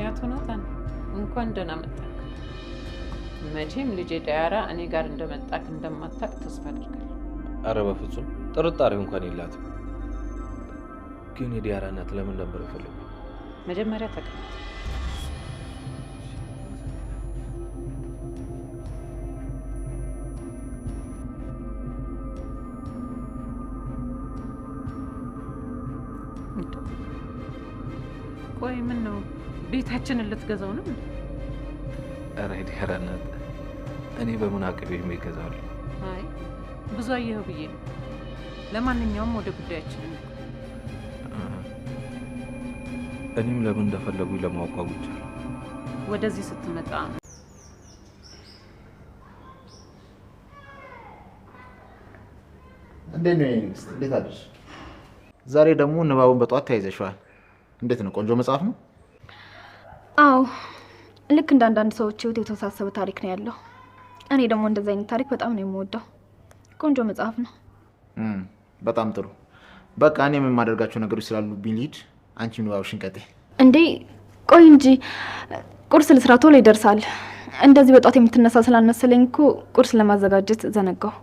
ምክንያት ናታን እንኳን ደህና መጣክ። መቼም ልጄ ዳያራ እኔ ጋር እንደመጣክ እንደማታቅ ተስፋ አድርጋለሁ። አረ በፍጹም ጥርጣሬ እንኳን የላትም። ግን የዲያራ እናት ለምን ነበር የፈለጉ? መጀመሪያ ተቀመጥ ቤታችንን ልትገዛው ነው? ኧረ ሂድ እኔ በምን አቅቤ ይገዛሉ? አይ ብዙ አየኸው ብዬ ነው። ለማንኛውም ወደ ጉዳያችን። እኔም ለምን እንደፈለጉኝ ለማወቅ ወደዚህ ስትመጣ እንዴት ነው? ዛሬ ደግሞ ንባቡን በጠዋት ተያይዘሽዋል። እንዴት ነው? ቆንጆ መጽሐፍ ነው። አዎ ልክ እንደ አንዳንድ ሰዎች ህይወት የተወሳሰበ ታሪክ ነው ያለው። እኔ ደግሞ እንደዚህ አይነት ታሪክ በጣም ነው የምወደው። ቆንጆ መጽሐፍ ነው። በጣም ጥሩ። በቃ እኔ የማደርጋቸው ነገሮች ስላሉብኝ ልሂድ፣ አንቺ ንባብሽን ሽንቀጤ እንዴ ቆይ እንጂ ቁርስ ልስራ፣ ቶሎ ይደርሳል። እንደዚህ በጧት የምትነሳ ስላልመሰለኝ እኮ ቁርስ ለማዘጋጀት ዘነጋው።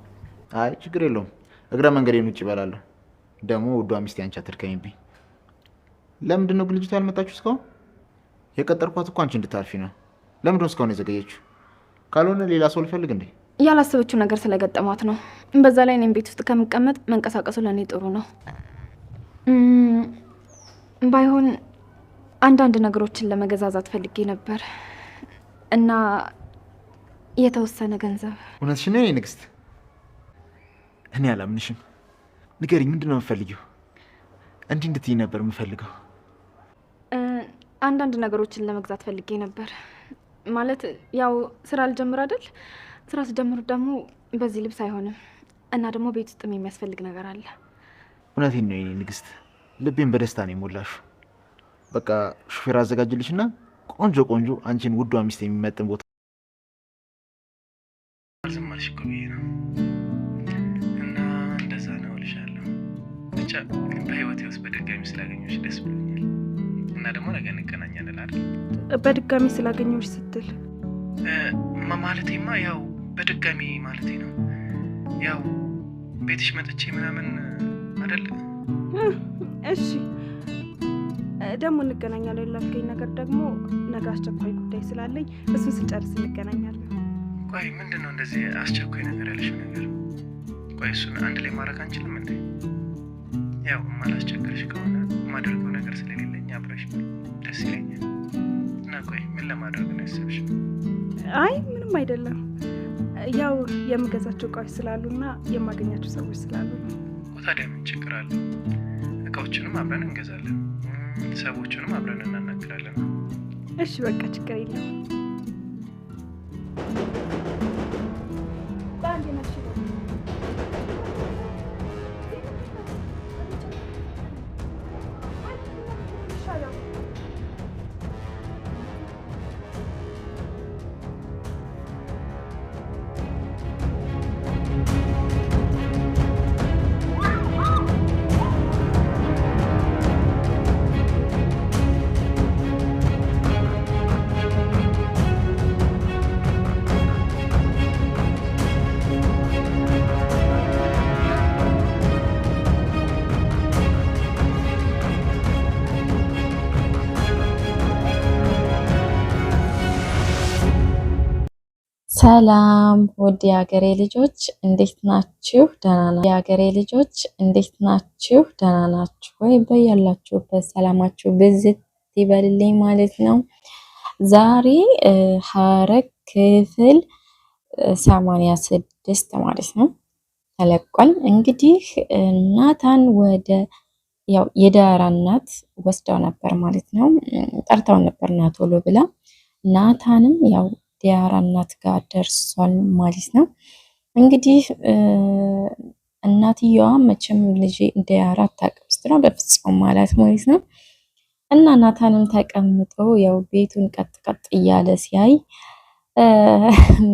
አይ ችግር የለውም፣ እግረ መንገዴን ውጭ ይበላለሁ። ደግሞ ውዷ ሚስቴ አንቺ አትድከሚብኝ። ለምንድን ነው ያልመጣችሁ እስካሁን? የቀጠርኳት እኮ አንቺ እንድታርፊ ነው። ለምንድን እስካሁን የዘገየችው? ካልሆነ ሌላ ሰው ልፈልግ እንዴ? ያላሰበችው ነገር ስለገጠማት ነው። በዛ ላይ እኔም ቤት ውስጥ ከምቀመጥ መንቀሳቀሱ ለእኔ ጥሩ ነው። ባይሆን አንዳንድ ነገሮችን ለመገዛዛት ፈልጌ ነበር እና የተወሰነ ገንዘብ። እውነትሽ ነው ንግስት? እኔ አላምንሽም። ንገሪኝ፣ ምንድን ነው የምፈልጊው? እንዲህ እንድትይ ነበር የምፈልገው አንዳንድ ነገሮችን ለመግዛት ፈልጌ ነበር። ማለት ያው ስራ ልጀምር አይደል? ስራ ስጀምር ደግሞ በዚህ ልብስ አይሆንም እና ደግሞ ቤት ውስጥም የሚያስፈልግ ነገር አለ። እውነቴን ነው የኔ ንግስት፣ ልቤን በደስታ ነው የሞላሹ። በቃ ሹፌር አዘጋጅልሽ እና ቆንጆ ቆንጆ አንቺን ውዷ ሚስት የሚመጥን ቦታ እና እንደዛ ነው እልሻለሁ። ብቻ በህይወቴ ውስጥ በደጋሚ ስላገኘሁሽ ደስ ብሎኛል። ደግሞ ነገ እንገናኛለን አይደል? በድጋሚ ስላገኘች ስትል ማለቴማ ያው በድጋሚ ማለቴ ነው። ያው ቤትሽ መጥቼ ምናምን አይደል? እሺ ደግሞ እንገናኛለን ላልከኝ ነገር ደግሞ ነገ አስቸኳይ ጉዳይ ስላለኝ እሱን ስጨርስ እንገናኛለን። ቆይ ምንድን ነው እንደዚህ አስቸኳይ ነገር ያለሽ ነገር? ቆይ እሱን አንድ ላይ ማድረግ አንችልም እንዴ? ያው ማላስቸገርሽ ከሆነ ማደርገው ነገር ስለሌለ ደስ ይለኛል። እና ቆይ ምን ለማድረግ ነው ያሰብሽ? አይ ምንም አይደለም። ያው የምገዛቸው እቃዎች ስላሉ እና የማገኛቸው ሰዎች ስላሉ። ታዲያ ምን ችግር አለ? እቃዎችንም አብረን እንገዛለን፣ ሰዎችንም አብረን እናናግራለን። እሺ በቃ ችግር የለም። ሰላም ውድ የሀገሬ ልጆች እንዴት ናችሁ? ደህና ናችሁ? የሀገሬ ልጆች እንዴት ናችሁ? ደህና ናችሁ ወይ? በያላችሁበት ሰላማችሁ ብዝት ይበልልኝ ማለት ነው። ዛሬ ሀረግ ክፍል ሰማንያ ስድስት ማለት ነው ተለቋል። እንግዲህ ናታን ወደ ያው የዳራ እናት ወስደው ነበር ማለት ነው። ጠርተው ነበር ናቶሎ ብላ ናታንም ያው ዲያራ እናት ጋር ደርሷል ማለት ነው። እንግዲህ እናትየዋ መቼም ልጅ ዲያራ አታውቅም ስትለው በፍጹም ማለት ማለት ነው። እና ናታንም ተቀምጦ ያው ቤቱን ቀጥ ቀጥ እያለ ሲያይ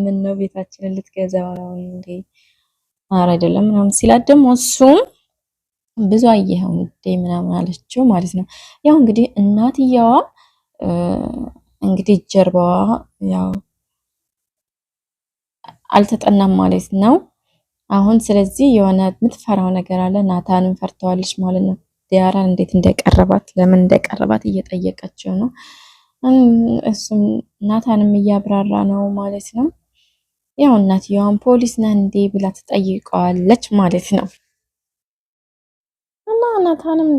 ምን ነው ቤታችንን ልትገዛው ነው እንዴ? አረ አይደለም ምናምን ሲላት ደግሞ እሱም ብዙ አየኸው እንዴ ምናምን አለችው ማለት ነው። ያው እንግዲህ እናትየዋ እንግዲህ ጀርባዋ ያው አልተጠናም ማለት ነው። አሁን ስለዚህ የሆነ የምትፈራው ነገር አለ። ናታንም ፈርተዋለች ማለት ነው። ዲያራን እንዴት እንደቀረባት ለምን እንደቀረባት እየጠየቀችው ነው። እሱም ናታንም እያብራራ ነው ማለት ነው። ያው እናትየዋን ፖሊስ ነህ እንዴ ብላ ትጠይቀዋለች ማለት ነው። እና ናታንም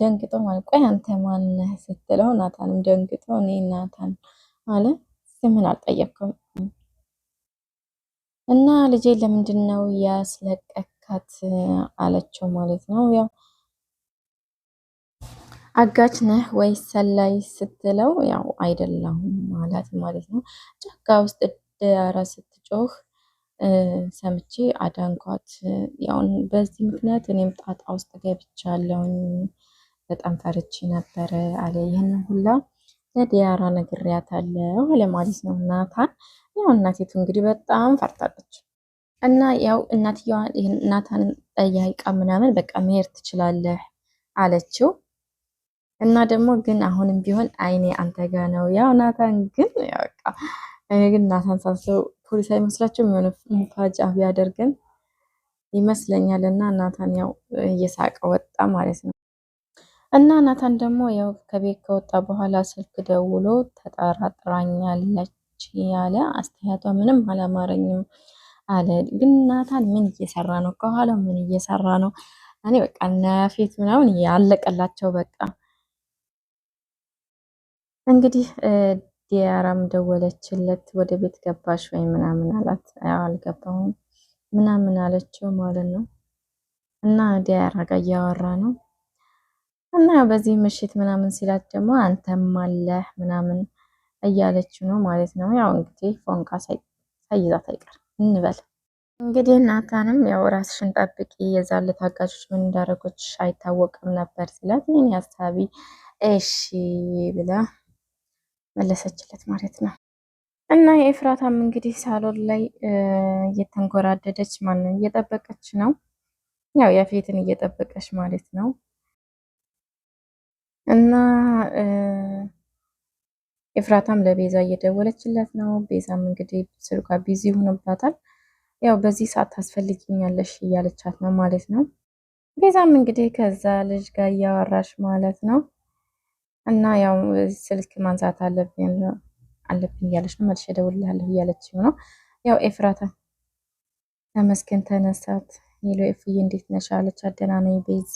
ደንግጦ ማለት ቆይ አንተ ማነህ ስትለው ናታንም ደንግጦ እኔ ናታን አለ ስምን አልጠየቅኩም እና ልጄ ለምንድን ነው ያስለቀካት አለችው ማለት ነው። ያው አጋች ነህ ወይ ሰላይ ስትለው ያው አይደለሁም ማለት ማለት ነው። ጫካ ውስጥ ዳራ ስትጮህ ሰምቼ አዳንኳት። ያው በዚህ ምክንያት እኔም ጣጣ ውስጥ ገብቻለሁኝ። በጣም ፈርቼ ነበረ አለ ይህንን ሁላ ለዲያራ ነግሬያታለሁ ለማለት ነው ናታን። ያው እናቴቱ እንግዲህ በጣም ፈርታለች እና ያው እናትየዋ ናታንን ጠያይቃ ምናምን በቃ መሄድ ትችላለህ አለችው። እና ደግሞ ግን አሁንም ቢሆን አይኔ አንተ ጋ ነው። ያው ናታን ግን በቃ እኔ ግን ናታን ሳስበው ፖሊስ አይመስላችሁም? የሆነ ሙፋጅ አብ ያደርግን ይመስለኛል። እና ናታን ያው እየሳቀ ወጣ ማለት ነው። እና ናታን ደግሞ ያው ከቤት ከወጣ በኋላ ስልክ ደውሎ ተጠራጥራኛለች ያለ አስተያየቷ ምንም አላማረኝም አለ። ግን ናታን ምን እየሰራ ነው? ከኋላ ምን እየሰራ ነው? እኔ በቃ ናፊት ምናምን ያለቀላቸው በቃ እንግዲህ ዲያራም ደወለችለት። ወደ ቤት ገባሽ ወይ ምናምን አላት። አልገባሁም ምናምን አለችው ማለት ነው። እና ዲያራ ጋር እያወራ ነው እና በዚህ ምሽት ምናምን ሲላት ደግሞ አንተም አለህ ምናምን እያለችው ነው ማለት ነው። ያው እንግዲህ ፎንቃ ሳይዛት አይቀር እንበል እንግዲህ ናታንም ያው ራስሽን ጠብቂ የዛለት አጋቾች ምን እንዳደረጎች አይታወቅም ነበር ሲላት ይህን ያሳቢ እሺ ብላ መለሰችለት ማለት ነው። እና የኤፍራታም እንግዲህ ሳሎን ላይ እየተንጎራደደች ማለት ነው፣ እየጠበቀች ነው ያው የፊትን እየጠበቀች ማለት ነው። እና ኤፍራታም ለቤዛ እየደወለችለት ነው። ቤዛም እንግዲህ ስልኳ ቢዚ ሆኖባታል። ያው በዚህ ሰዓት ታስፈልጊኛለሽ እያለቻት ነው ማለት ነው። ቤዛም እንግዲህ ከዛ ልጅ ጋር እያወራሽ ማለት ነው። እና ያው ስልክ ማንሳት አለብኝ አለብኝ እያለች ነው። መልሼ እደውልልሃለሁ እያለች ነው። ያው ኤፍራታ ተመስገን ተነሳት። ሄሎ ኤፍዬ እንዴት ነሽ አለች። አደናነኝ ቤዝ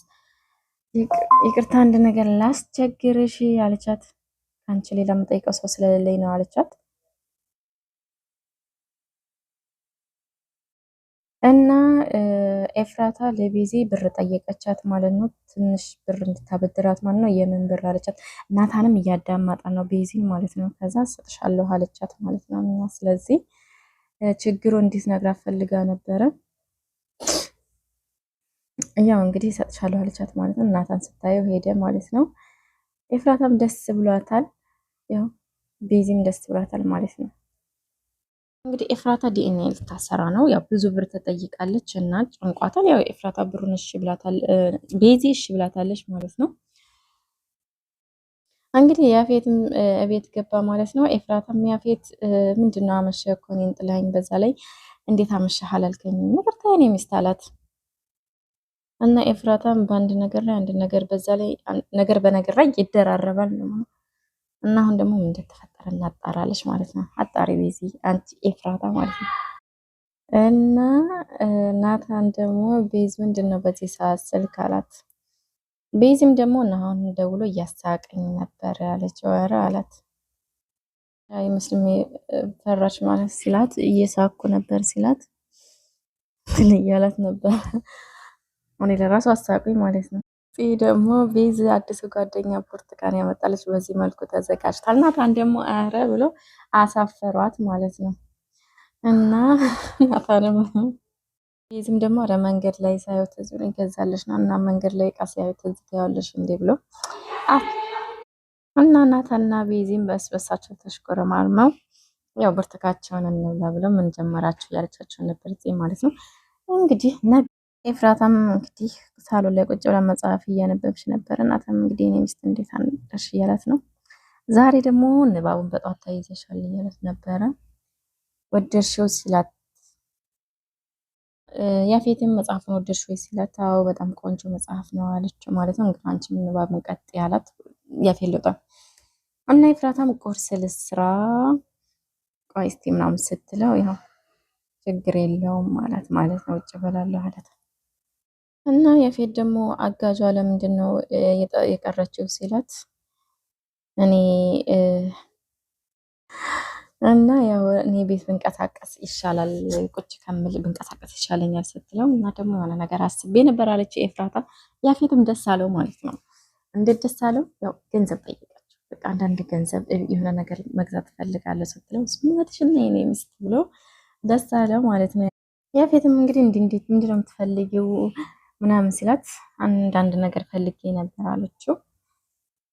ይቅርታ አንድ ነገር ላስቸግርሽ አለቻት። አንቺ ሌላ የምጠይቀው ሰው ስለሌለኝ ነው አለቻት። እና ኤፍራታ ለቤዚ ብር ጠየቀቻት ማለት ነው። ትንሽ ብር እንድታበድራት ማለት ነው። የምን ብር አለቻት። እናታንም እያዳማጣ ነው ቤዚን ማለት ነው። ከዛ ሰጥሻለሁ አለቻት ማለት ነው። እና ስለዚህ ችግሩ እንዲት ነግራት ፈልጋ ነበረ ያው እንግዲህ እሰጥሻለሁ አለቻት ማለት ነው። እናታን ስታየው ሄደ ማለት ነው። ኤፍራታም ደስ ብሏታል፣ ያው ቤዚም ደስ ብሏታል ማለት ነው። እንግዲህ ኤፍራታ ዲኤንኤ ልታሰራ ነው። ያው ብዙ ብር ተጠይቃለች እና ጭንቋታል። ያው ኤፍራታ ብሩን እሺ ብላታል፣ ቤዚ እሺ ብላታለች ማለት ነው። እንግዲህ ያፌትም እቤት ገባ ማለት ነው። ኤፍራታም ያፌት ምንድነው አመሸህ እኮ እኔን ጥላኝ፣ በዛ ላይ እንዴት አመሸህ አላልከኝም ነገር ታይኔ የሚስት አላት እና ኤፍራታም በአንድ ነገር ላይ አንድ ነገር በዛ ላይ ነገር በነገር ላይ ይደራረባል ነው እና አሁን ደግሞ ምን እንደተፈጠረ እናጣራለች ማለት ነው። አጣሪ ቤዚ አንቺ ኤፍራታ ማለት ነው። እና ናታን ደግሞ ቤዝ ምንድን ነው በዚህ ሰዓት ስልክ አላት። ቤዚም ደግሞ እና አሁን ደውሎ እያሳቀኝ ነበር ያለች ወረ አላት። አይ መስልም ፈራች ማለት ሲላት እየሳኩ ነበር ሲላት ምን እያላት ነበር እኔ ለራሱ አሳቁኝ ማለት ነው። ፂ ደግሞ ቤዝ አዲሱ ጓደኛ ብርቱካን ያመጣለች በዚህ መልኩ ተዘጋጅታል። ናታን ደግሞ አረ ብሎ አሳፈሯት ማለት ነው። እና ናታንም ቤዝም ደግሞ ረ መንገድ ላይ ሳይወት ህዝብ ይገዛለች ና እና መንገድ ላይ እቃ ሲያዩት ህዝብ ያዋለች እንዴ ብሎ እና ናታና ቤዚም በስበሳቸው ተሽኮረማርመው ያው ብርቱካቸውን እንብላ ብሎ ምን ጀመራችሁ ያለቻቸው ነበር ማለት ነው እንግዲህ ኤፍራታም እንግዲህ ሳሎን ላይ ቁጭ ብላ መጽሐፍ እያነበበች ነበር። እናትም እንግዲህ እኔ ሚስት እንዴት አንደሽ እያላት ነው። ዛሬ ደግሞ ንባቡን በጧት ተይዘሻል እያላት ነበረ። ወደድሽው ሲላት ያፌትም መጽሐፉን ወደድሽ ወይ ሲላት፣ አዎ በጣም ቆንጆ መጽሐፍ ነው አለችው ማለት ነው። እንግዲህ አንቺም ንባብን ቀጥ ያላት ያፌት ልውጣ እና ኤፍራታም ቁርስ ልስራ ቆይ እስቲ ምናምን ስትለው ያው ችግር የለውም ማለት ማለት ነው። ውጭ በላለሁ አላት። እና የፌት ደግሞ አጋጇ ለምንድን ነው የቀረችው ሲላት እኔ እና ያው እኔ ቤት ብንቀሳቀስ ይሻላል ቁጭ ከምል ብንቀሳቀስ ይሻለኛል ስትለው እና ደግሞ የሆነ ነገር አስቤ ነበር አለች ኤፍራታ። ያፌትም ደስ አለው ማለት ነው። እንዴት ደስ አለው? ያው ገንዘብ ጠይቃቸው። በቃ አንዳንድ ገንዘብ የሆነ ነገር መግዛት እፈልጋለሁ ስትለው ስሙነትሽን ኔ ሚስት ብሎ ደስ አለው ማለት ነው። ያፌትም እንግዲህ እንዲ እንዴት ምንድነው የምትፈልጊው ምናምን ሲላት አንዳንድ ነገር ፈልጌ ነበር አለችው።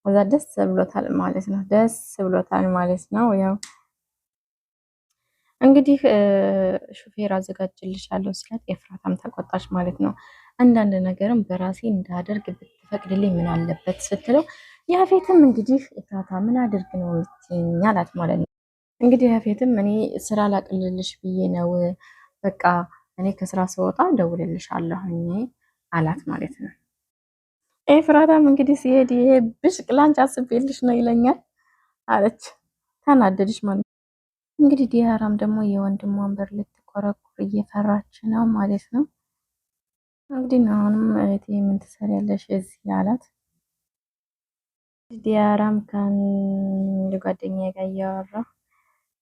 ከዛ ደስ ብሎታል ማለት ነው። ደስ ብሎታል ማለት ነው። ያው እንግዲህ ሹፌር አዘጋጅልሻለሁ ሲላት ኤፍራታም ተቆጣች ማለት ነው። አንዳንድ ነገርም በራሴ እንዳደርግ ብትፈቅድልኝ ምን አለበት ስትለው ያፌትም እንግዲህ ኤፍራታ ምን አድርግ ነው አላት ማለት ነው። እንግዲህ ያፌትም እኔ ስራ ላቅልልሽ ብዬ ነው በቃ እኔ ከስራ ስወጣ እደውልልሻለሁ አላት ማለት ነው። ኤፍራታም እንግዲህ ሲሄድ ይሄ ብሽቅ ላንቺ አስቤልሽ ነው ይለኛል አለች፣ ተናደድሽ ማለት ነው። እንግዲህ ዲያራም ደግሞ የወንድሟን በር ልትኮረኩር እየፈራች ነው ማለት ነው። እንግዲህ አሁንም እህቴ ምን ትሰሪያለሽ እዚህ አላት። ዲያራም ከጓደኛ ጋር እያወራ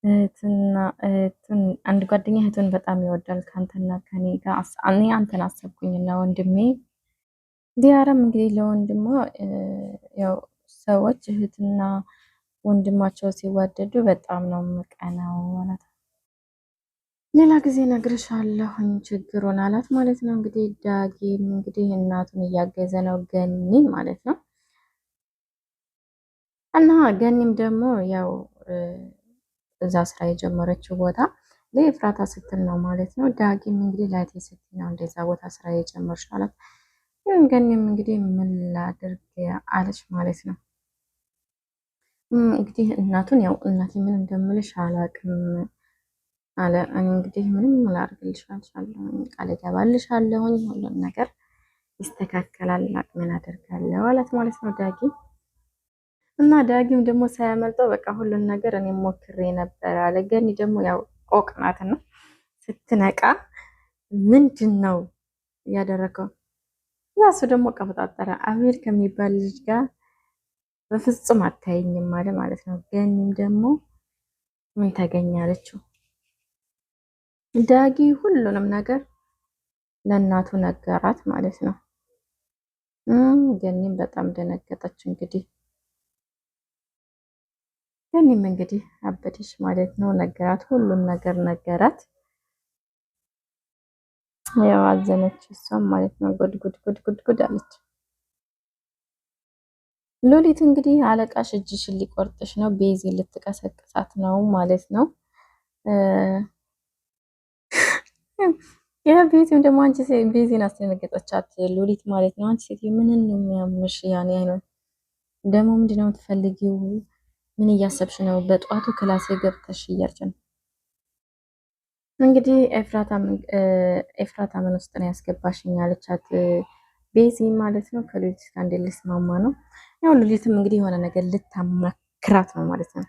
እህትና እህቱን አንድ ጓደኛ እህቱን በጣም ይወዳል። ከአንተና ከኔ ጋር አንተን አሰብኩኝና ወንድሜ ዲያራም እንግዲህ ለወንድሞ ያው ሰዎች እህትና ወንድማቸው ሲዋደዱ በጣም ነው የምቀናው ማለት ነው። ሌላ ጊዜ ነግርሻለሁ ችግሩን አላት ማለት ነው። እንግዲህ ዳጊም እንግዲህ እናቱን እያገዘ ነው ገኒን ማለት ነው እና ገኒም ደግሞ ያው እዛ ስራ የጀመረችው ቦታ ለኤፍራታ ስትል ነው ማለት ነው። ዳጊም እንግዲህ ላይቴ ስትል ነው እንደዛ ቦታ ስራ የጀመረች አላት። ገኒም እንግዲህ ምን ላድርግ አለች ማለት ነው። እንግዲህ እናቱን ያው እናቴ ምን እንደምልሽ አላቅም አለ። እኔ እንግዲህ ምንም ላድርግልሽ አልቻለሁ፣ ቃል ገባልሽ አለሁኝ ሁሉም ነገር ይስተካከላል፣ አቅሜን አደርጋለሁ አላት ማለት ነው ዳጊ እና ዳጊም ደግሞ ሳያመልጠው በቃ ሁሉን ነገር እኔ ሞክሬ ነበር አለ። ገኒ ደግሞ ያው ቆቅናት ነው ስትነቃ ምንድን ነው እያደረገው? ራሱ ደግሞ ቀበጣጠረ። አሚር ከሚባል ልጅ ጋር በፍጹም አታየኝም አለ ማለት ነው። ገኒም ደግሞ ምን ተገኛለችው? ዳጊ ሁሉንም ነገር ለእናቱ ነገራት ማለት ነው። ገኒም በጣም ደነገጠች እንግዲህ ያኔም እንግዲህ አበደች ማለት ነው። ነገራት፣ ሁሉም ነገር ነገራት። ያው አዘነች እሷም ማለት ነው። ጉድ ጉድ ጉድ ጉድ ጉድ አለች። ሎሊት እንግዲህ አለቃሽ እጅሽን ሊቆርጥሽ ነው፣ ቤዚ ልትቀሰቅሳት ነው ማለት ነው። ያ ቤዚም ደግሞ አንቺ ቤዚን አስደነገጠቻት ሎሊት ማለት ነው። አንቺ ሴት ምንን ነው የሚያምሽ? ያኔ አይነት ደግሞ ምንድነው የምትፈልጊው ምን እያሰብሽ ነው? በጠዋቱ ክላሴ ገብተሽ እያልች ነው እንግዲህ ኤፍራታ ምን ውስጥ ነው ያስገባሽኝ? አለቻት ቤዚ ማለት ነው። ከሉሊት ጋር እንዴት ልስማማ ነው? ያው ሉሊትም እንግዲህ የሆነ ነገር ልታመክራት ነው ማለት ነው።